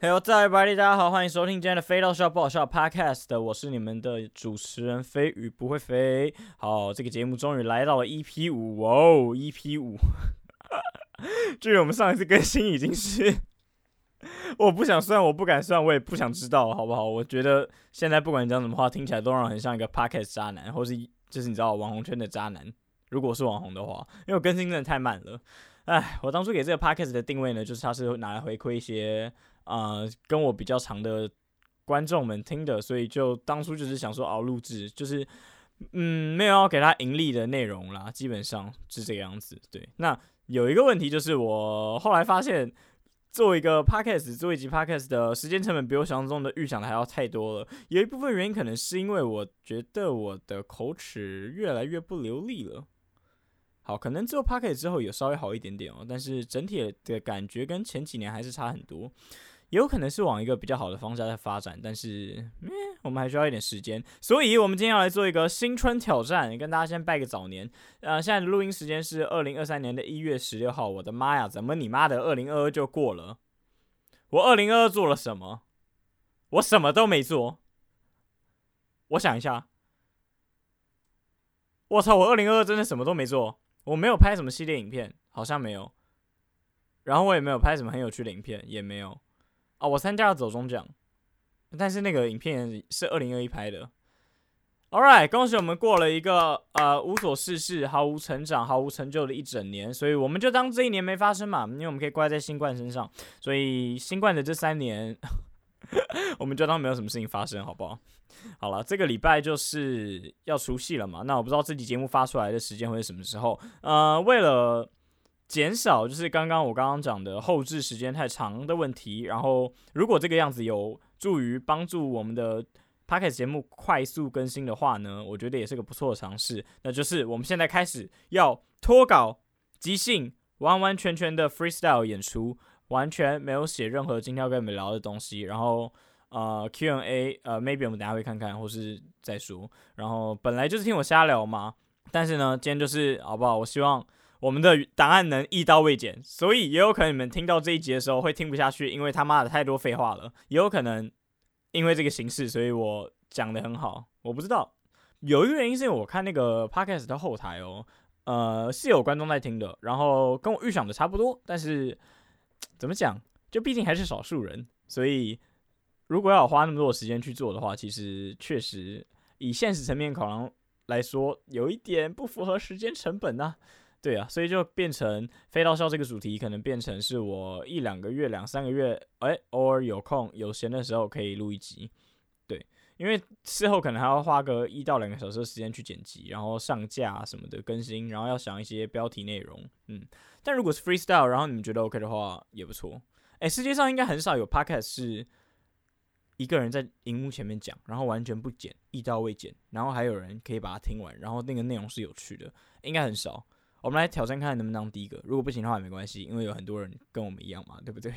Hello, 大家好，歡迎收聽今天的《飛到笑不好笑》Podcast 的，我是你們的主持人飛魚不會飛。好，這個節目終於來到了 EP 五哦，EP 五， 距離我們上一次更新已經是……我不想算，我不敢算，我也不想知道，好不好？我覺得現在不管你講什麼話，聽起來都讓人很像一個 Podcast 渣男，或是就是你知道網紅圈的渣男，如果是網紅的話，因為我更新真的太慢了。哎，我當初給這個 Podcast 的定位呢，就是它是拿來回饋一些。啊、呃，跟我比較長的觀眾們聽的，所以就當初就是想說熬，哦，錄製就是，嗯，沒有要給他盈利的內容啦，基本上是這個樣子。對，那有一個問題就是，我後來發現，做一個 podcast，做一集 podcast 的時間成本比我想象中的預想的還要太多了。有一部分原因可能是因為我覺得我的口齒越來越不流利了。好，可能做 podcast 之後有稍微好一點點哦，但是整體的感覺跟前幾年還是差很多。有可能是往一個比較好的方向在發展，但是嗯，我們還需要一點時間。所以，我們今天要來做一個新春挑戰，跟大家先拜個早年。呃，現在的錄音時間是二零二三年的一月十六號。我的媽呀，怎麼你媽的二零二二就過了？我二零二二做了什麼？我什麼都沒做。我想一下。我操！我二零二二真的什麼都沒做。我沒有拍什麼系列影片，好像沒有。然後我也沒有拍什麼很有趣的影片，也沒有。哦，我參加了走中獎，但是那個影片是二零二一拍的。All right，恭喜我們過了一個呃無所事事、毫無成長、毫無成就的一整年，所以我們就當這一年沒發生嘛，因為我們可以怪在新冠身上，所以新冠的這三年 我們就當沒有什麼事情發生，好不好？好了，這個禮拜就是要除夕了嘛，那我不知道這集節目發出來的時間會是什麼時候，呃，為了。減少就是剛剛我剛剛講的後製時間太長的問題，然後如果這個樣子有助於幫助我們的 podcast 節目快速更新的話呢，我覺得也是個不錯的嘗試。那就是我們現在開始要脫稿即興，完完全全的 freestyle 演出，完全沒有寫任何今天要跟你們聊的東西。然後呃 Q&A，呃 maybe 我們等下會看看或是再說。然後本來就是聽我瞎聊嘛，但是呢今天就是好不好？我希望，我們的檔案能一刀未剪，所以也有可能你們聽到這一集的時候會聽不下去，因為他媽的太多廢話了。也有可能因為這個形式，所以我講得很好，我不知道。有一個原因是因為我看那個 podcast 的後台哦，呃，是有觀眾在聽的，然後跟我預想的差不多。但是怎麼講，就畢竟還是少數人，所以如果要花那麼多時間去做的話，其實確實以現實層面考量來說，有一點不符合時間成本呢、啊。對啊，所以就變成飛到笑這個主題，可能變成是我一兩個月，兩三個月，哎、欸，偶爾有空有閒的時候可以錄一集。對，因為事後可能還要花個一到兩個小時的時間去剪輯，然後上架什麼的更新，然後要想一些標題內容。嗯，但如果是 freestyle，然後你們覺得 OK 的話也不錯。哎、欸，世界上應該很少有 podcast 是一個人在熒幕前面講，然後完全不剪，一刀未剪，然後還有人可以把它聽完，然後那個內容是有趣的，應該很少。我們來挑戰看能不能當第一個，如果不行的話也沒關係，因為有很多人跟我們一樣嘛，對不對？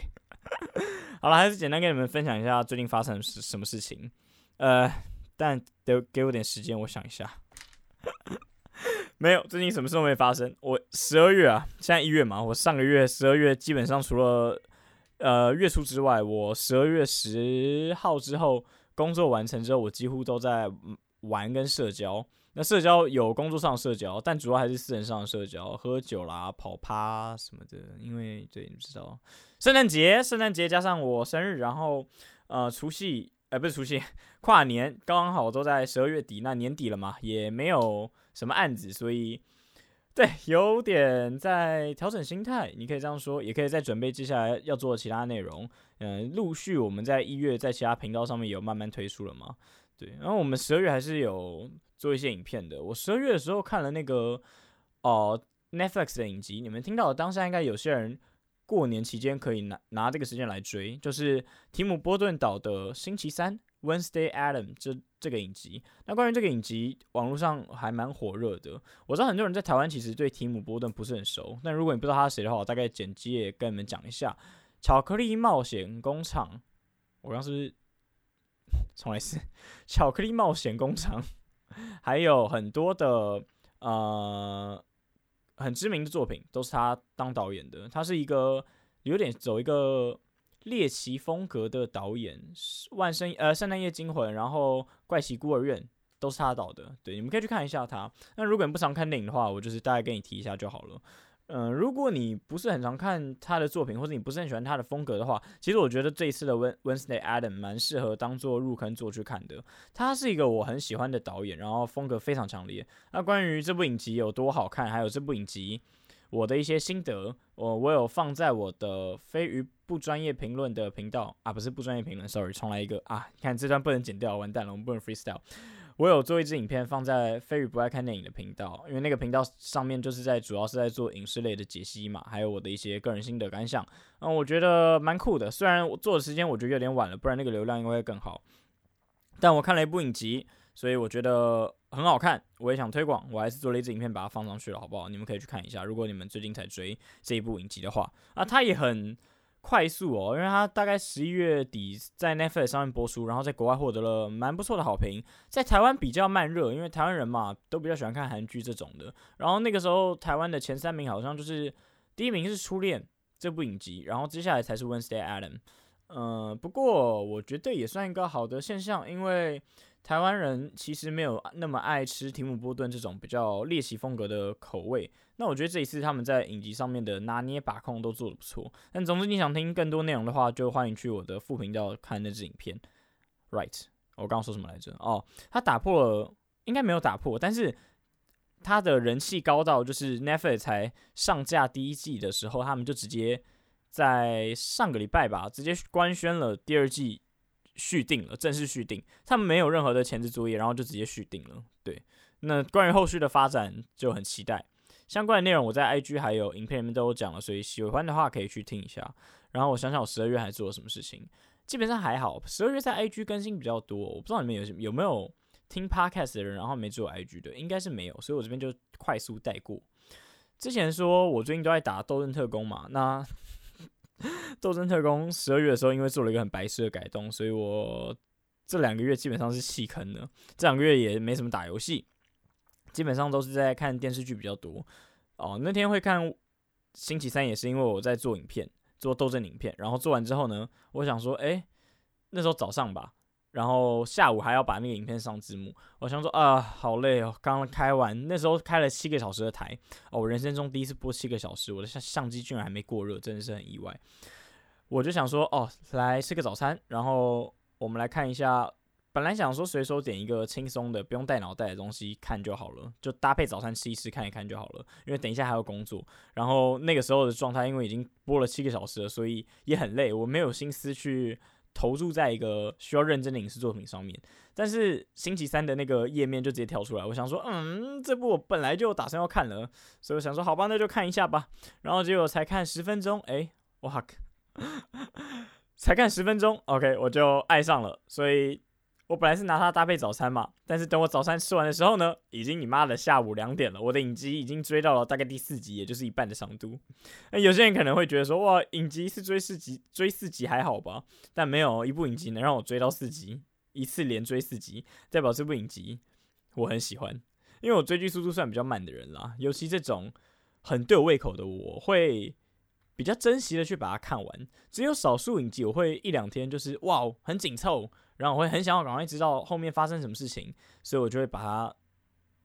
好了，還是簡單跟你們分享一下最近發生什麼事情。呃，但得給我點時間，我想一下。 沒有，最近什麼事都沒發生。我十二月啊，現在一月嘛，我上個月十二月基本上除了呃月初之外，我十二月十號之後工作完成之後，我幾乎都在玩跟社交。那社交有工作上社交，但主要還是私人上社交，喝酒啦、跑趴什麼的。因為對，你知道，聖誕節、聖誕節加上我生日，然後呃除夕，呃不是除夕，跨年，剛好都在十二月底，那年底了嘛，也沒有什麼案子，所以對，有點在調整心態，你可以這樣說，也可以再準備接下來要做其他內容。嗯、呃，陸續我們在一月在其他頻道上面有慢慢推出了嘛，對，然後我們十二月還是有。做一些影片的。我十二月的時候看了那個哦、呃、Netflix 的影集，你們聽到的當下應該有些人過年期間可以拿拿這個時間來追，就是提姆波頓導的《星期三》（Wednesday Adam） 這這個影集。那關於這個影集，網絡上還蠻火熱的。我知道很多人在台灣其實對提姆波頓不是很熟，但如果你不知道他是誰的話，我大概簡介也跟你們講一下：《巧克力冒險工廠》。我剛是是重來一次，《巧克力冒險工廠》。還有很多的呃很知名的作品都是他當導演的，他是一個有點走一個獵奇風格的導演，《萬聖》呃《聖誕夜驚魂》，然後《怪奇孤兒院》都是他導的。對，你們可以去看一下他。那如果你不常看電影的話，我就是大概跟你提一下就好了。嗯，如果你不是很常看他的作品，或者你不是很喜歡他的風格的話，其實我覺得這一次的《Wednesday Adam》蠻適合當做入坑作去看的。他是一個我很喜歡的導演，然後風格非常強烈。那關於這部影集有多好看，還有這部影集我的一些心得，我我有放在我的飛魚不專業評論的頻道啊，不是不專業評論，sorry，重來一個啊，你看這段不能剪掉，完蛋了，我們不能 freestyle。我有做一支影片放在飛魚不愛看電影的頻道，因為那個頻道上面就是在主要是在做影視類的解析嘛，還有我的一些個人心得感想。嗯，我覺得蠻酷的，雖然我做的時間我覺得有點晚了，不然那個流量應該會更好。但我看了一部影集，所以我覺得很好看，我也想推廣，我還是做了一支影片把它放上去了，好不好？你們可以去看一下。如果你們最近才追這一部影集的話，啊，它也很。快速哦，因為它大概十一月底在 Netflix 上面播出，然後在國外獲得了蠻不錯的好評，在台灣比較慢熱，因為台灣人嘛都比較喜歡看韓劇這種的。然後那個時候台灣的前三名好像就是第一名是《初戀》這部影集，然後接下來才是《Wednesday Adam》呃。嗯，不過我覺得也算一個好的現象，因為。台灣人其實沒有那麼愛吃提姆波頓這種比較獵奇風格的口味。那我覺得這一次他們在影集上面的拿捏把控都做得不錯。但總之你想聽更多內容的話，就歡迎去我的副頻道看那支影片。Right，我剛剛說什麼來着？哦，他打破了，應該沒有打破，但是他的人氣高到，就是 Netflix 才上架第一季的時候，他們就直接在上個禮拜吧，直接官宣了第二季。續訂了，正式續訂，他們沒有任何的前置作業，然後就直接續訂了。對，那關於後續的發展就很期待。相關的內容我在 IG 還有影片裡面都有講了，所以喜歡的話可以去聽一下。然後我想想，我十二月還做了什麼事情，基本上還好。十二月在 IG 更新比較多，我不知道你們有有沒有聽 Podcast 的人，然後沒做 IG 的，對，應該是沒有，所以我這邊就快速帶過。之前說我最近都在打鬥陣特攻嘛，那。鬥陣特攻十二月的時候，因為做了一個很白痴的改動，所以我這兩個月基本上是棄坑的。這兩個月也沒什麼打遊戲，基本上都是在看電視劇比較多。哦，那天會看星期三，也是因為我在做影片，做鬥陣特攻影片。然後做完之後呢，我想說，哎、欸，那時候早上吧。然後下午還要把那個影片上字幕，我、哦、想說啊，好累哦！剛剛開完那時候開了七個小時的台哦，我人生中第一次播七個小時，我的相相機居然還沒過熱，真的是很意外。我就想說哦，來吃個早餐，然後我們來看一下。本來想說隨手點一個輕鬆的、不用帶腦袋的東西看就好了，就搭配早餐吃一吃、看一看就好了。因為等一下還要工作，然後那個時候的狀態，因為已經播了七個小時了，所以也很累，我沒有心思去。投注在一個需要認真的影視作品上面，但是星期三的那個頁面就直接跳出來。我想說，嗯，這部我本來就打算要看了，所以我想說，好吧，那就看一下吧。然後結果我才看十分鐘，哎、欸，哇， 才看十分鐘，OK，我就愛上了。所以。我本來是拿它搭配早餐嘛，但是等我早餐吃完的時候呢，已經你媽的下午兩點了。我的影集已經追到了大概第四集，也就是一半的長度。那、嗯、有些人可能會覺得說，哇，影集一次追四集，追四集還好吧？但沒有一部影集能讓我追到四集，一次連追四集，代表這部影集我很喜歡。因為我追劇速度算比較慢的人啦，尤其這種很對我胃口的我，我會比較珍惜的去把它看完。只有少數影集我會一兩天就是哇，很緊湊。然後我會很想要趕快知道後面發生什麼事情，所以我就會把它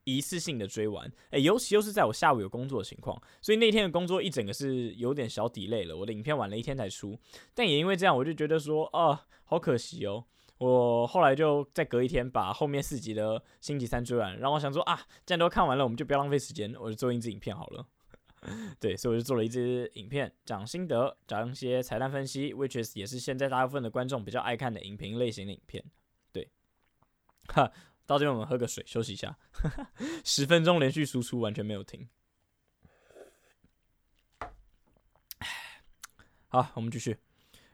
一次性的追完。哎，尤其又是在我下午有工作的情況，所以那天的工作一整個是有點小 delay 了。我的影片晚了一天才出，但也因為這樣，我就覺得說啊，好可惜哦。我後來就再隔一天把後面四集的星期三追完，然後我想說啊，既然都看完了，我們就不要浪費時間，我就做一支影片好了。對，所以我就做了一支影片，講心得，講一些彩蛋分析，which is 也是現在大部分的觀眾比較愛看的影評類型的影片。對，哈，到這邊我們喝個水，休息一下， 十分鐘連續輸出完全沒有停。哎，好，我們繼續。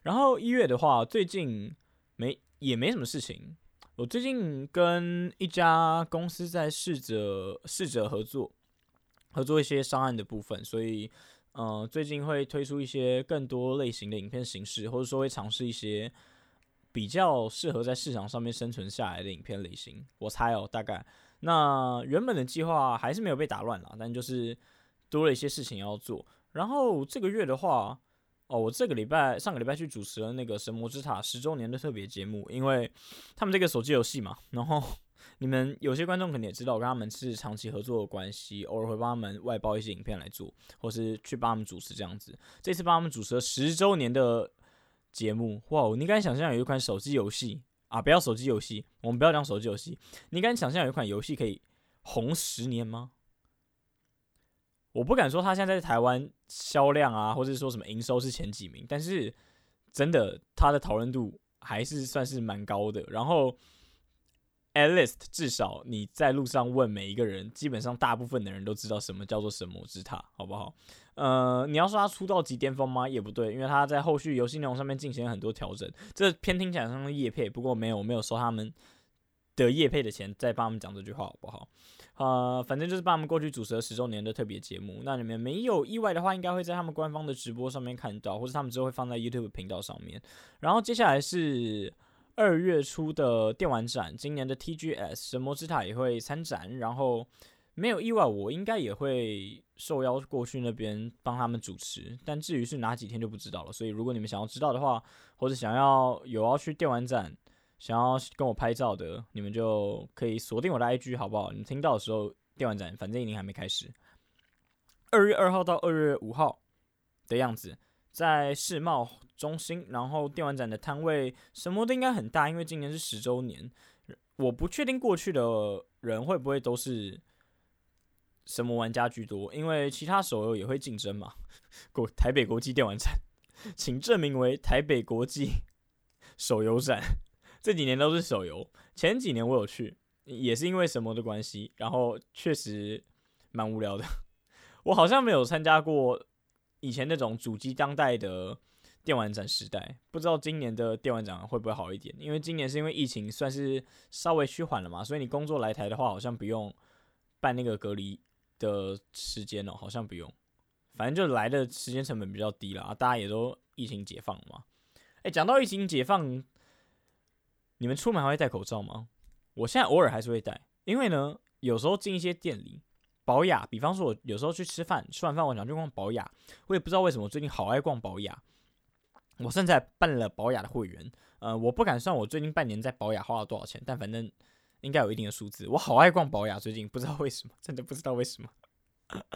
然後一月的話，最近沒也沒什麼事情，我最近跟一家公司在試着試着合作。合作一些商案的部分，所以，嗯、呃，最近會推出一些更多類型的影片形式，或者說會嘗試一些比較適合在市場上面生存下來的影片類型。我猜哦，大概那原本的計劃還是沒有被打亂了，但就是多了一些事情要做。然後這個月的話，哦，我這個禮拜上個禮拜去主持了那個《神魔之塔》十週年的特別節目，因為他們這個手機遊戲嘛，然後。你們有些觀眾可能也知道，我跟他們是長期合作的關係，偶爾會幫他們外包一些影片來做，或是去幫他們主持這樣子。這次幫他們主持了十周年的節目，哇！你敢想象有一款手機遊戲啊？不要手機遊戲，我們不要講手機遊戲。你敢想象有一款遊戲可以紅十年嗎？我不敢說他現在在台灣銷量啊，或者說什麼營收是前幾名，但是真的他的討論度還是算是蠻高的。然後。at least 至少你在路上問每一個人，基本上大部分的人都知道什麼叫做神魔之塔，好不好？呃，你要說他出道即巔峰嗎？也不對，因為他在後續遊戲內容上面進行了很多調整，這偏聽起來像是業配，不過沒有，沒有收他們的業配的錢，再幫他們講這句話，好不好？呃，反正就是幫他們過去主持了十周年的特別節目，那裡面沒有意外的話，應該會在他們官方的直播上面看到，或是他們之後會放在 YouTube 頻道上面。然後接下來是。二月初的電玩展，今年的 TGS 神魔之塔也會參展，然後沒有意外，我應該也會受邀過去那邊幫他們主持，但至於是哪幾天就不知道了。所以如果你們想要知道的話，或者想要有要去電玩展，想要跟我拍照的，你們就可以鎖定我的 IG，好不好？你聽到的時候，電玩展反正已經還沒開始，二月二號到二月五號的樣子，在世貿中心，然後電玩展的攤位，神魔的應該很大，因為今年是十週年，我不確定過去的人會不會都是神魔玩家，居多，因為其他手遊也會競爭嘛。國台北國際電玩展，請證明為台北國際手遊展，這幾年都是手遊，前幾年我有去，也是因為神魔的關係，然後確實蠻無聊的。我好像沒有參加過以前那種主機當代的。電玩展時代，不知道今年的電玩展會不會好一點？因為今年是因為疫情，算是稍微趨緩了嘛，所以你工作來台的話，好像不用辦那個隔離的時間哦、喔，好像不用，反正就來的時間成本比較低了啊。大家也都疫情解放了嘛。哎、欸，講到疫情解放，你們出門還會戴口罩嗎？我現在偶爾還是會戴，因為呢，有時候進一些店裡，寶雅，比方說，我有時候去吃飯，吃完飯我想去逛寶雅，我也不知道為什麼，我最近好愛逛寶雅。我現在辦了寶雅的會員，呃，我不敢算我最近半年在寶雅花了多少錢，但反正應該有一定的數字。我好愛逛寶雅，最近不知道為什麼，真的不知道為什麼。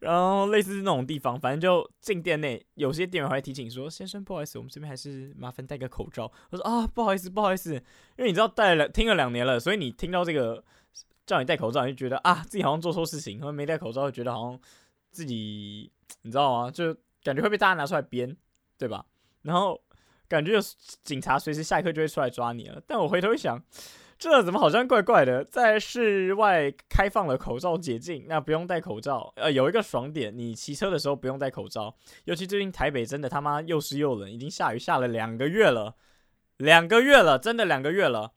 然後類似那種地方，反正就進店內，有些店員還提醒說：“先生，不好意思，我們這邊還是麻煩戴個口罩。”我說：“啊，不好意思，不好意思。”因為你知道戴了聽了兩年了，所以你聽到這個叫你戴口罩，你就覺得啊自己好像做錯事情，因為沒戴口罩就覺得好像自己你知道嗎？就感覺會被大家拿出來鞭，對吧？然後感覺警察隨時下一刻就會出來抓你了。但我回頭一想，這怎麼好像怪怪的？在室外開放了口罩解禁，那不用戴口罩，呃，有一個爽點，你騎車的時候不用戴口罩。尤其最近台北真的他媽又濕又冷，已經下雨下了兩個月了，兩個月了，真的兩個月了。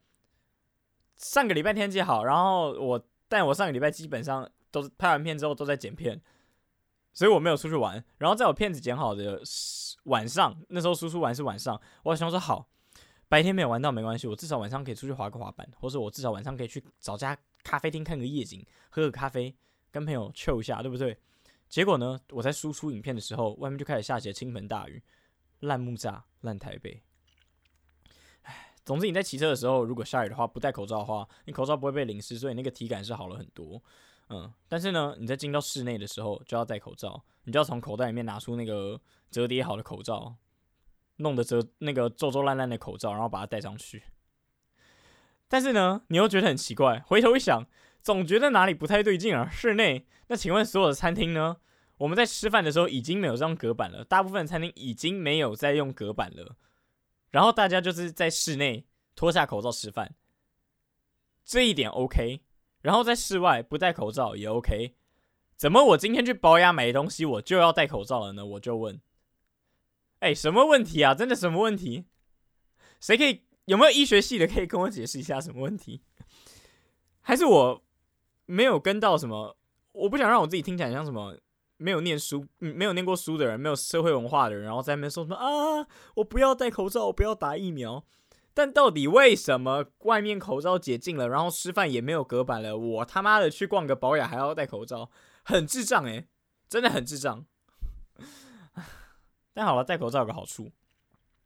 上個禮拜天氣好，然後我，但我上個禮拜基本上都是拍完片之後都在剪片，所以我沒有出去玩。然後在我片子剪好的。晚上那時候輸出完是晚上，我還想說好，白天沒有玩到沒關係，我至少晚上可以出去滑個滑板，或者我至少晚上可以去找家咖啡廳看個夜景，喝個咖啡，跟朋友 chill 一下，對不對？結果呢，我在輸出影片的時候，外面就開始下起了傾盆大雨，爛木柵，爛台北。唉，總之你在騎車的時候，如果下雨的話，不戴口罩的話，你口罩不會被淋濕，所以那個體感是好了很多，嗯，但是呢，你在進到室內的時候就要戴口罩，你就要從口袋裡面拿出那個。摺疊好的口罩，弄得折那個皺皺爛爛的口罩，然後把它戴上去。但是呢，你又覺得很奇怪，回頭一想，總覺得哪裡不太對勁啊。室內，那請問所有的餐廳呢？我們在吃飯的時候已經沒有這樣隔板了，大部分餐廳已經沒有再用隔板了。然後大家就是在室內脫下口罩吃飯，這一點 OK。然後在室外不戴口罩也 OK。怎麼我今天去寶雅買的東西，我就要戴口罩了呢？我就問。哎，欸、什麼問題啊？真的什麼問題？誰可以，有沒有醫學系的可以跟我解釋一下什麼問題？還是我沒有跟到什麼？我不想讓我自己聽起來像什麼沒有念書、沒有念過書的人，沒有社會文化的人，然後在那邊說什麼啊？我不要戴口罩，我不要打疫苗。但到底為什麼外面口罩解禁了，然後吃飯也沒有隔板了，我他媽的去逛個寶雅還要戴口罩，很智障誒、欸，真的很智障。 但好了，戴口罩有個好處，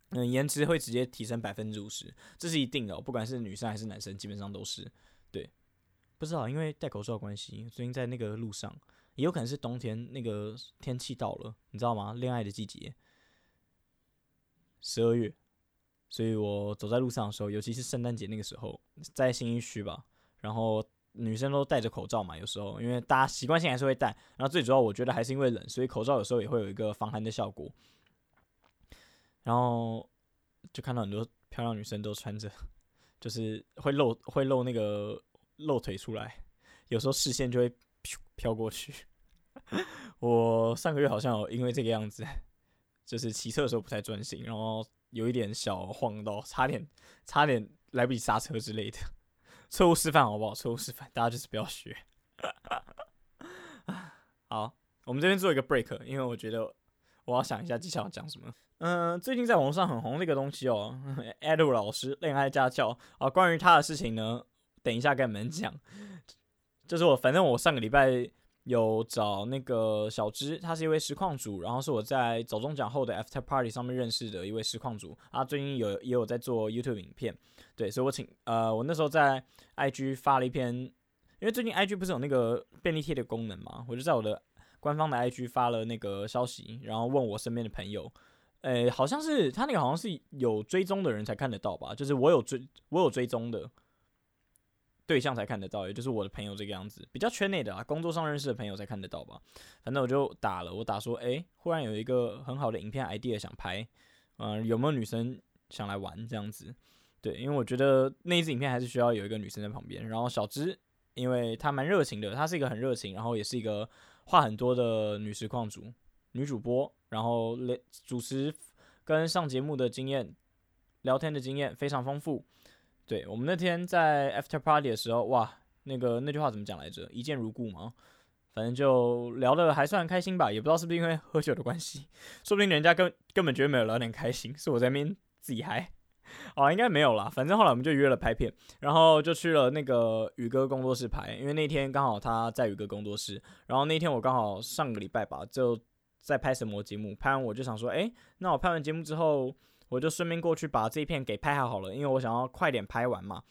嗯，顏值會直接提升百分之五十，這是一定的哦，不管是女生還是男生，基本上都是。對，不知道因為戴口罩的關係，最近在那個路上，也有可能是冬天那個天氣到了，你知道嗎？戀愛的季節，十二月，所以我走在路上的時候，尤其是聖誕節那個時候，在信義區吧，然後女生都戴着口罩嘛，有時候因為大家習慣性還是會戴，然後最主要我覺得還是因為冷，所以口罩有時候也會有一個防寒的效果。然後就看到很多漂亮女生都穿着，就是會露會露那個露腿出來，有時候視線就會飄過去。我上個月好像有因為這個樣子，就是騎車的時候不太專心，然後有一點小晃到，差點差點來不及剎車之類的。錯誤示範好不好？錯誤示範，大家就是不要學。好，我們這邊做一個 break，因為我覺得。我要想一下技巧要講什麼。嗯、呃，最近在網絡上很紅的一個東西哦、喔，Edward 老師戀愛家教啊。關於他的事情呢，等一下跟你們講。就是我，反正我上個禮拜有找那個小芝，他是一位實況主，然後是我在早中獎後的 after party 上面認識的一位實況主啊。最近有也有在做 YouTube 影片，對，所以我請呃，我那時候在 IG 發了一篇，因為最近 IG 不是有那個便利貼的功能嘛，我就在我的。官方的 IG 發了那個消息，然後問我身邊的朋友，誒、欸，好像是他那個好像是有追蹤的人才看得到吧？就是我有追我有追蹤的對象才看得到，也就是我的朋友這個樣子，比較圈內的啊，工作上認識的朋友才看得到吧。反正我就打了，我打說，誒、欸，忽然有一個很好的影片 idea 想拍，嗯、呃，有沒有女生想來玩這樣子？對，因為我覺得那一支影片還是需要有一個女生在旁邊。然後小芝，因為她蠻熱情的，她是一個很熱情，然後也是一個。話很多的女實況主、女主播，然後連主持跟上節目的經驗、聊天的經驗非常豐富。對，我們那天在 After Party 的時候，哇，那個那句話怎麼講來着？一見如故嗎？反正就聊得還算開心吧，也不知道是不是因為喝酒的關係，說不定人家根根本覺得沒有聊點開心，是我在那邊自己嗨。哦，應該沒有啦。反正後來我們就約了拍片，然後就去了那個宇哥工作室拍，因為那天剛好他在宇哥工作室。然後那天我剛好上個禮拜吧，就在拍什麼節目，拍完我就想說，哎、欸，那我拍完節目之後，我就順便過去把這一片給拍好好了，因為我想要快點拍完嘛。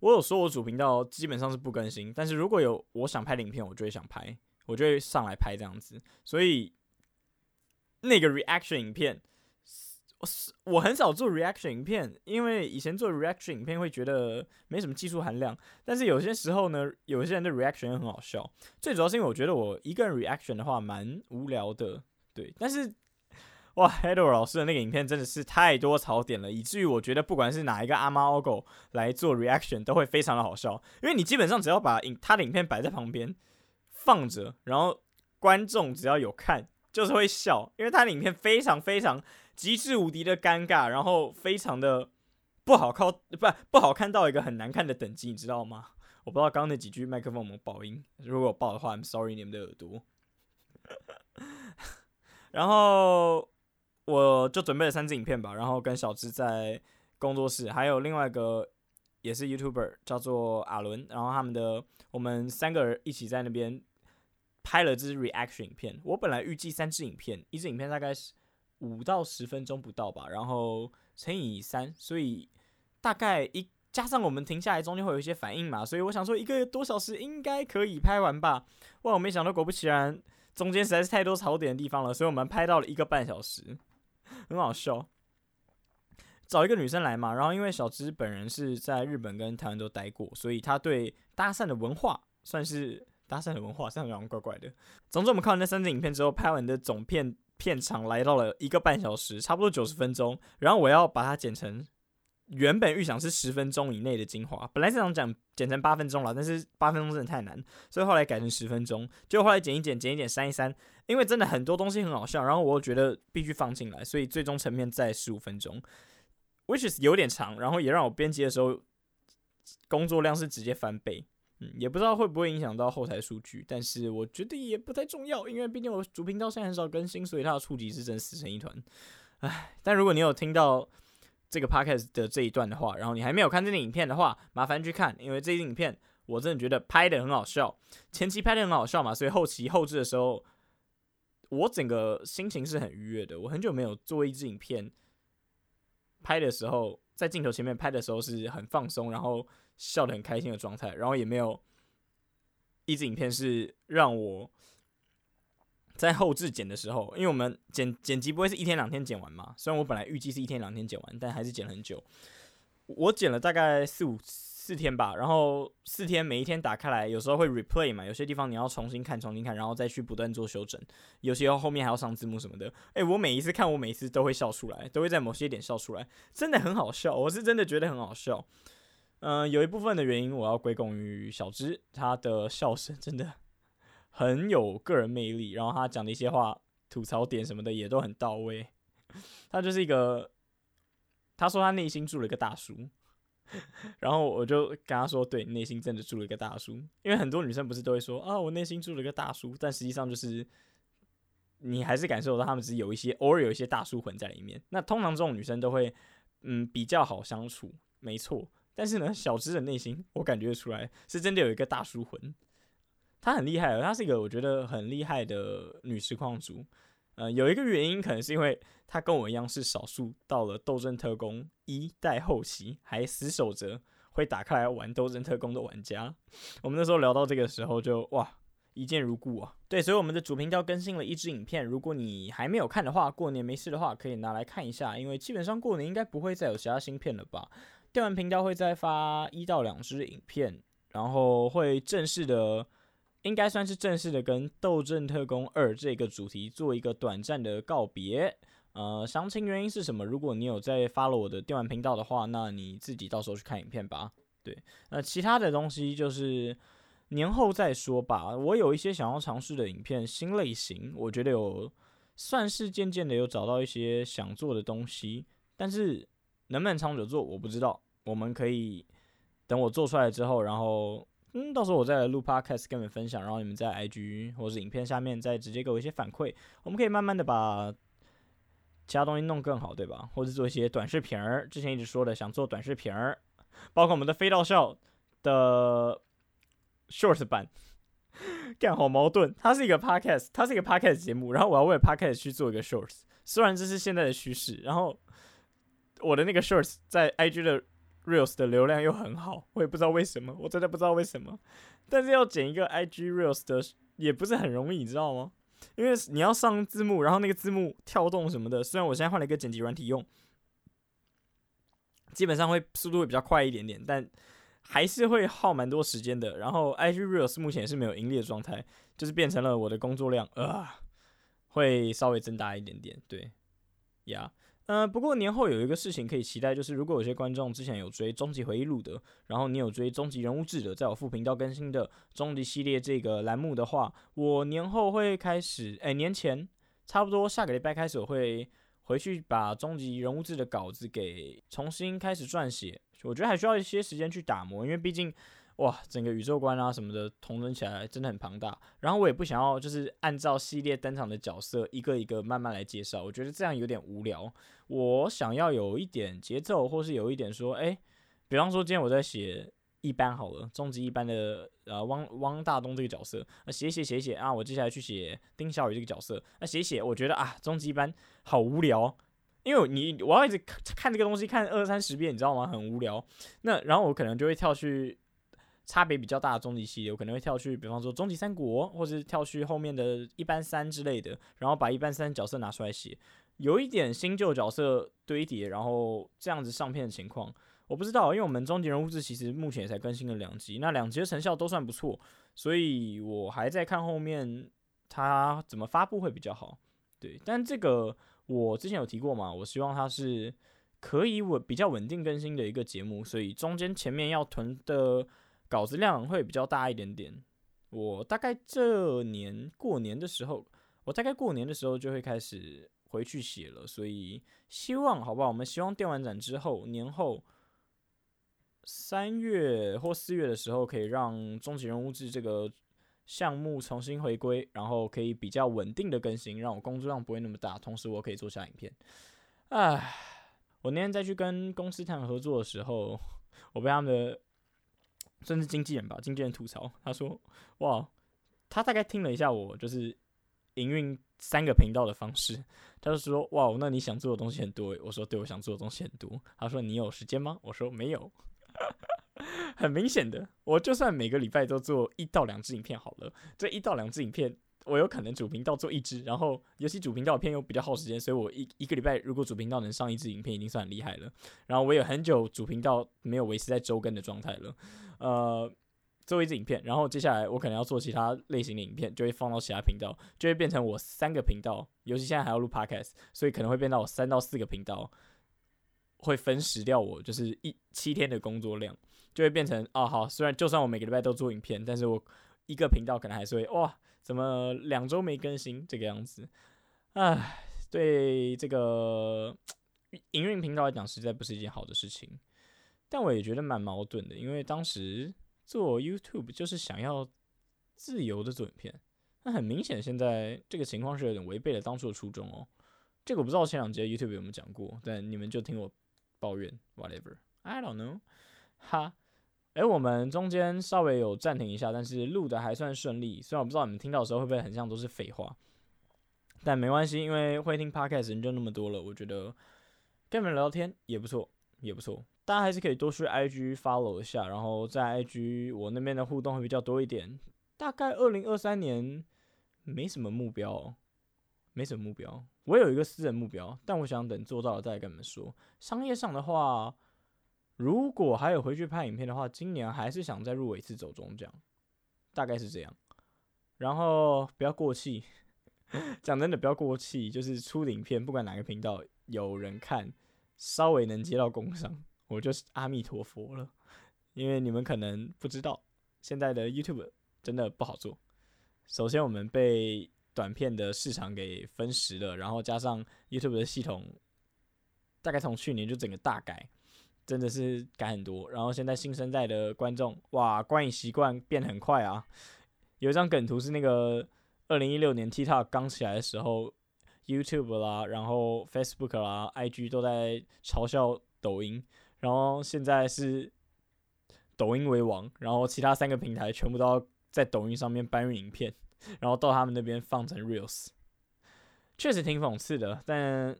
我有說我主頻道基本上是不更新，但是如果有我想拍的影片，我就會想拍，我就會上來拍這樣子。所以那個 reaction 影片。我是我很少做 reaction 影片，因為以前做 reaction 影片會覺得沒什麼技術含量。但是有些時候呢，有些人的 reaction 很好笑。最主要是因為我覺得我一個人 reaction 的話蠻無聊的，對。但是哇，Hado 老師的那個影片真的是太多槽點了，以至於我覺得不管是哪一個阿貓阿狗來做 reaction 都會非常的好笑。因為你基本上只要把影他的影片擺在旁邊放着，然後觀眾只要有看就是會笑，因為他的影片非常非常。極致無敵的尷尬，然後非常的不好靠，不不好看到一個很難看的等級，你知道嗎？我不知道剛剛那幾句麥克風有沒有爆音，如果爆的話，I'm sorry，你們的耳朵。 然後我就準備了三支影片吧，然後跟小智在工作室，還有另外一個也是 YouTuber 叫做阿倫，然後他們的我們三個人一起在那邊拍了這支 reaction 影片。我本來預計三支影片，一支影片大概是。五到十分鐘不到吧，然後乘以三，所以大概一加上我們停下來中間會有一些反應嘛，所以我想說一個多小時應該可以拍完吧。萬萬沒想到，果不其然，中間實在是太多槽點的地方了，所以我們拍到了一個半小時，很好笑。找一個女生來嘛，然後因為小芝本人是在日本跟台灣都待過，所以她對搭訕的文化算是搭訕的文化，非常怪怪的。總之，我們看完那三支影片之後，拍完的總片。片長來到了一個半小時，差不多九十分鐘，然後我要把它剪成原本預想是十分鐘以內的精華。本來是想講剪成八分鐘了，但是八分鐘真的太難，所以後來改成十分鐘。就後來剪一剪,剪一剪，剪一剪，刪一刪，因為真的很多東西很好笑，然後我又覺得必須放進來，所以最終成片在十五分鐘，which is 有點長，然後也讓我編輯的時候工作量是直接翻倍。嗯，也不知道會不會影響到後台數據，但是我覺得也不太重要，因為畢竟我主頻道現在很少更新，所以它的觸及是真死成一團，唉。但如果你有聽到這個 podcast 的這一段的話，然後你還沒有看這個影片的話，麻煩去看，因為這支影片我真的覺得拍得很好笑，前期拍得很好笑嘛，所以後期後製的時候，我整個心情是很愉悅的。我很久沒有做一支影片，拍的時候在鏡頭前面拍的時候是很放鬆，然後。笑得很開心的狀態，然後也沒有。一支影片是讓我在後製剪的時候，因為我們剪剪輯不會是一天兩天剪完嘛。雖然我本來預計是一天兩天剪完，但還是剪了很久。我剪了大概四五四天吧，然後四天每一天打開來，有時候會 replay 嘛，有些地方你要重新看，重新看，然後再去不斷做修整。有些後面，還要上字幕什麼的。哎，我每一次看，我每一次都會笑出來，都會在某些點笑出來，真的很好笑。我是真的覺得很好笑。嗯、呃，有一部分的原因我要歸功於小芝，她的笑聲真的很有個人魅力。然後她講的一些話、吐槽點什麼的也都很到位。他就是一個，他說他內心住了一個大叔，然後我就跟他說：“對，內心真的住了一個大叔。”因為很多女生不是都會說：“啊，我內心住了一個大叔。”但實際上就是你還是感受到他們只是有一些偶爾有一些大叔魂在裡面。那通常這種女生都會嗯比較好相處，沒錯。但是呢，小芝的內心我感覺出來是真的有一個大叔魂，她很厲害哦，她是一個我覺得很厲害的女實況主。嗯、呃，有一個原因可能是因為她跟我一樣是少數到了《鬥爭特工》一代後期還死守着會打開來玩《鬥爭特工》的玩家。我們那時候聊到這個時候就哇一見如故啊。對，所以我們的主頻道更新了一支影片，如果你還沒有看的話，過年沒事的話可以拿來看一下，因為基本上過年應該不會再有其他新片了吧。電玩頻道會再發一到兩支影片，然後會正式的，應該算是正式的，跟《鬥陣特攻二》這個主題做一個短暫的告別。呃，詳情原因是什麼？如果你有在 follow 我的電玩頻道的話，那你自己到時候去看影片吧。對，那其他的東西就是年後再說吧。我有一些想要嘗試的影片新類型，我覺得有算是漸漸的有找到一些想做的東西，但是。能不能長久做我不知道，我們可以等我做出來之後，然後嗯，到時候我再來錄 podcast 跟你們分享，然後你們在 IG 或者影片下面再直接給我一些反饋。我們可以慢慢的把其他東西弄更好，對吧？或者做一些短視頻兒，之前一直說的想做短視頻兒，包括我們的飛到笑的 short 版，幹 好矛盾，它是一個 podcast，它是一個 podcast 節目，然後我要為 podcast 去做一個 short，雖然這是現在的趨勢，然後。我的那個 shorts 在 IG 的 reels 的流量又很好，我也不知道為什麼，我真的不知道為什麼。但是要剪一個 IG reels 的也不是很容易，你知道嗎？因為你要上字幕，然後那個字幕跳動什麼的。雖然我現在換了一個剪輯軟體用，基本上會速度會比較快一點點，但還是會耗蠻多時間的。然後 IG reels 目前是沒有盈利的狀態，就是變成了我的工作量啊，會稍微增大一點點。對呀。呃，不過年後有一個事情可以期待，就是如果有些觀眾之前有追《終極回憶錄》的，然後你有追《終極人物志》的，在我副頻道更新的《終極系列》這個欄目的話，我年後會開始，誒，年前差不多下個禮拜開始，我會回去把《終極人物志》的稿子給重新開始撰寫，我覺得還需要一些時間去打磨，因為畢竟。哇，整個宇宙觀啊什麼的，統整起來真的很龐大。然後我也不想要，就是按照系列登場的角色一個一個慢慢來介紹，我覺得這樣有點無聊。我想要有一點節奏，或是有一點說，哎、欸，比方說今天我在寫一班好了，終極一班的呃、啊、汪汪大東這個角色，那寫寫寫寫啊，我接下來去寫丁小雨這個角色，那寫寫，我覺得啊，終極一班好無聊，因為你我要一直看，看這個東西看二三十遍，你知道嗎？很無聊。那然後我可能就會跳去。差別比較大的終極系列，我可能會跳去，比方說終極三國，或者是跳去後面的一般三之類的，然後把一般三角色拿出來寫，有一點新舊角色堆疊，然後這樣子上片的情況，我不知道，因為我們終極人物志其實目前也才更新了兩集，那兩集的成效都算不錯，所以我還在看後面它怎麼發布會比較好。對，但這個我之前有提過嘛，我希望它是可以穩比較穩定更新的一個節目，所以中間前面要囤的。稿子量會比較大一點點，我大概這年過年的時候，我大概過年的時候就會開始回去寫了，所以希望，好不好？我們希望電玩展之後，年後三月或四月的時候，可以讓《終極人物志》這個項目重新回歸，然後可以比較穩定的更新，讓我工作量不會那麼大，同時我可以做下影片。哎，我那天再去跟公司談合作的時候，我被他們的。算是經紀人吧，經紀人吐槽，他說：“哇，他大概聽了一下我就是營運三個頻道的方式，他就說：‘哇，那你想做的東西很多。’我說：‘對，我想做的東西很多。’他說：‘你有時間嗎？’我說：‘沒有。 ’很明顯的，我就算每個禮拜都做一到兩支影片好了，這一到兩支影片。”我有可能主頻道做一支，然後尤其主頻道片又比較耗時間，所以我一一個禮拜如果主頻道能上一支影片，已經算很厲害了。然後我有很久主頻道沒有維持在周更的狀態了，呃，做一支影片，然後接下來我可能要做其他類型的影片，就會放到其他頻道，就會變成我三個頻道，尤其現在還要錄 podcast，所以可能會變到我三到四個頻道，會分食掉我就是一七天的工作量，就會變成哦好，雖然就算我每個禮拜都做影片，但是我一個頻道可能還是會哇。怎麼兩周沒更新這個樣子？哎，對這個營運頻道來講，實在不是一件好的事情。但我也覺得蠻矛盾的，因為當時做 YouTube 就是想要自由的做影片，那很明顯現在這個情況是有點違背了當初的初衷哦。這個我不知道前兩集 YouTube 有沒有講過，但你們就聽我抱怨 whatever，I don't know，哈。哎、欸，我們中間稍微有暫停一下，但是錄的還算順利。雖然我不知道你們聽到的時候會不會很像都是廢話，但沒關係，因為會聽 podcast 人就那麼多了。我覺得跟你們聊聊天也不錯，也不錯。大家還是可以多去 IG follow 一下，然後在 IG 我那邊的互動會比較多一點。大概二零二三年沒什麼目標，沒什麼目標。我有一個私人目標，但我想等做到了再跟你們說。商業上的話。如果還有回去拍影片的話，今年還是想再入圍一次走中獎，大概是這樣。然後不要過氣，講 真的不要過氣，就是出影片不管哪個頻道有人看，稍微能接到工商，我就是阿彌陀佛了。因為你們可能不知道，現在的 YouTube 真的不好做。首先我們被短片的市場給分食了，然後加上 YouTube 的系統，大概從去年就整個大改。真的是改很多，然後現在新生代的觀眾哇，觀影習慣變得很快啊。有一張梗圖是那個二零一六年 TikTok 剛起來的時候，YouTube 啦，然後 Facebook 啦，IG 都在嘲笑抖音，然後現在是抖音為王，然後其他三個平台全部都在抖音上面搬運影片，然後到他們那邊放成 Reels，確實挺諷刺的，但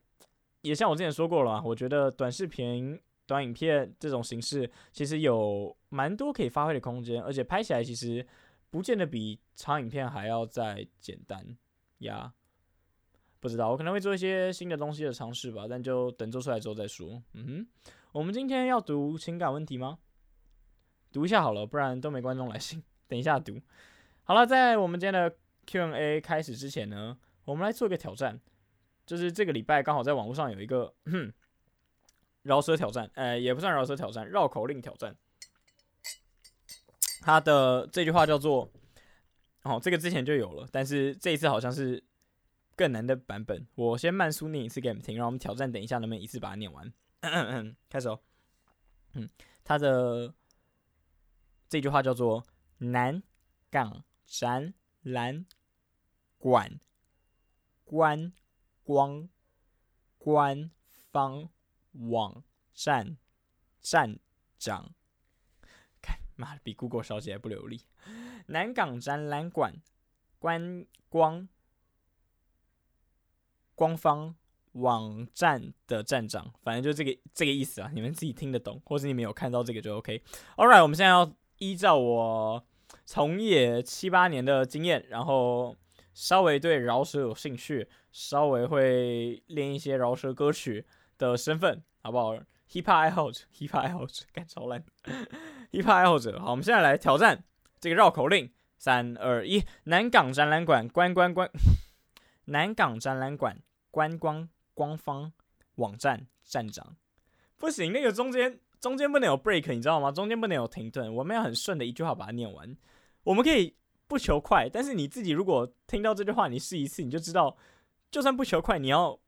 也像我之前說過了，我覺得短視頻。短影片這種形式其實有蠻多可以發揮的空間，而且拍起來其實不見得比長影片還要再簡單呀。Yeah. 不知道我可能會做一些新的東西的嘗試吧，但就等做出來之後再說。嗯哼，我們今天要讀情感問題嗎？讀一下好了，不然都沒觀眾來信。等一下讀好了，在我們今天的 Q&A 開始之前呢，我們來做一個挑戰，就是這個禮拜剛好在網絡上有一個。哼。饒舌挑戰，呃，也不算饒舌挑戰，繞口令挑戰。他的這句話叫做：“哦，這個之前就有了，但是這一次好像是更難的版本。”我先慢速念一次給你們聽，然後我們挑戰，等一下能不能一次把它念完咳咳咳，開始哦，嗯，他的這句話叫做“南港展覽館觀光官方”。網站站長，看，媽的比 Google 小姐還不流利。南港展覽館觀光官方網站的站長，反正就這個這個意思啊，你們自己聽得懂，或者你們有看到這個就 OK。All right，我們現在要依照我從業七八年的經驗，然後稍微對饒舌有興趣，稍微會練一些饒舌歌曲。的身份好不好？hiphop 愛好者，hiphop 愛好者幹超爛，hiphop 愛好者。 er、好，我們現在來挑戰這個繞口令。三二一，南港展覽館觀光觀南港展覽館觀光官方網站站長。不行，那個中間中間不能有 break，你知道嗎？中間不能有停頓，我們要很順的一句話把它念完。我們可以不求快，但是你自己如果聽到這句話，你試一次，你就知道，就算不求快，你要。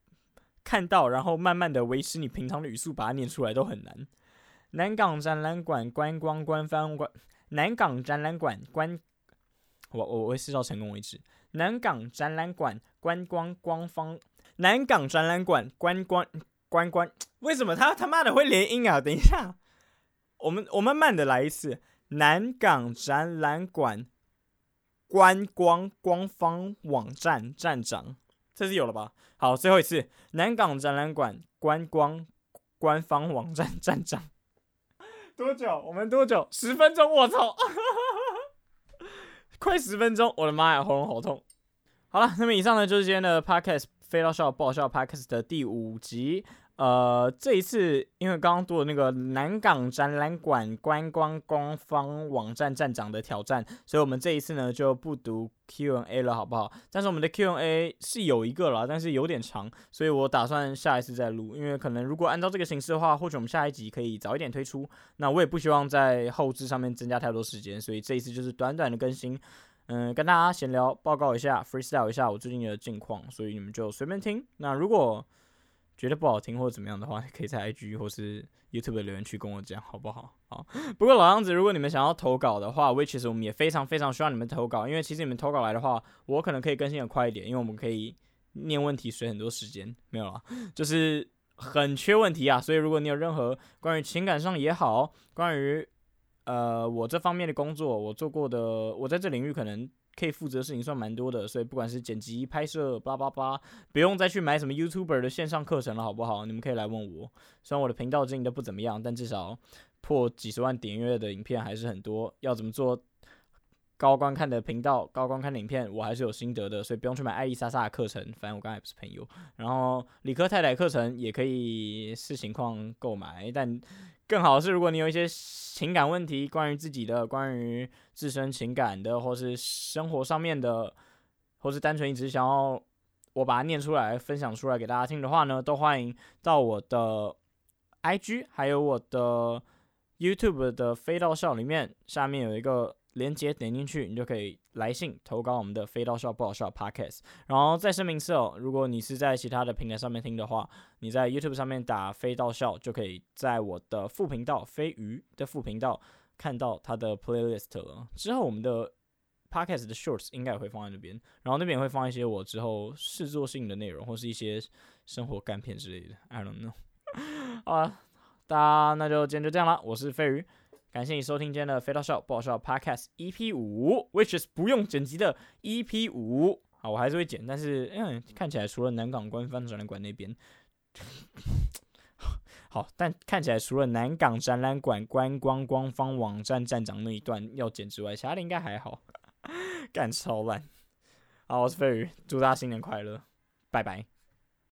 看到，然後慢慢的維持你平常的語速把它念出來都很難。南港展覽館觀光官方網南港展覽館觀，我我我會試到成功為止。南港展覽館觀光官方，南港展覽館觀光觀光，為什麼他他媽的會連音啊？等一下，我們我慢慢的來一次。南港展覽館觀光官方網站站長。這次有了吧？好，最後一次。南港展覽館觀光官方網站站長， 多久？我們多久？十分鐘！我操！ 快十分鐘！我的媽呀，喉嚨好痛。好了，那麼以上呢，就是今天的 Podcast，飛到笑爆笑 Podcast 的第五集。呃，這一次因為剛剛讀的那個南港展覽館觀光官方網站站長的挑戰，所以我們這一次呢就不讀 Q&A 了，好不好？但是我們的 Q&A 是有一個啦，但是有點長，所以我打算下一次再錄，因為可能如果按照這個形式的話，或許我們下一集可以早一點推出。那我也不希望在後置上面增加太多時間，所以這一次就是短短的更新，嗯，跟大家閒聊，報告一下，freestyle 一下我最近的近況，所以你們就隨便聽。那如果覺得不好聽或者怎麼樣的話，可以在 IG 或是 YouTube 的留言區跟我講，好不好？好。不過老樣子，如果你們想要投稿的話，which is 我們也非常非常需要你們投稿，因為其實你們投稿來的話，我可能可以更新的快一點，因為我們可以念問題，省很多時間。沒有了，就是很缺問題啊。所以如果你有任何關於情感上也好，關於呃我這方面的工作，我做過的，我在這領域可能。可以負責的事情算蠻多的，所以不管是剪輯、拍攝、叭叭叭，不用再去買什麼 YouTuber 的線上課程了，好不好？你們可以來問我。雖然我的頻道經營的不怎麼樣，但至少破幾十萬點閱的影片還是很多。要怎麼做高觀看的頻道、高觀看的影片，我還是有心得的，所以不用去買愛莉莎莎的課程。反正我剛才不是朋友，然後理科太太課程也可以視情況購買，但。更好是，如果你有一些情感問題，關於自己的、關於自身情感的，或是生活上面的，或是單純一直想要我把它念出來、分享出來給大家聽的話呢，都歡迎到我的 IG，還有我的 YouTube 的飛到笑裡面，下面有一個。.連接點進去，你就可以來信投稿我們的《飛到笑不好笑》的 Podcast。然後再聲明一次哦，如果你是在其他的平台上面聽的話，你在 YouTube 上面打“飛到笑”就可以在我的副頻道“飛魚”的副頻道看到它的 Playlist 了。之後我們的 Podcast 的 Shorts 應該也會放在那邊，然後那邊也會放一些我之後試作性的內容或是一些生活干片之類的。I don't know。 好了，大家那就今天就這樣了，我是飛魚。感謝你收聽今天的《飛到笑不好笑的》Podcast EP 五，which is 不用剪輯的 EP 五。好，我還是會剪，但是嗯、欸，看起來除了南港官方展覽館那邊， 好，但看起來除了南港展覽館觀光官方網站站長那一段要剪之外，其他的應該還好，幹 超爛。好，我是飛魚，祝大家新年快樂，拜拜。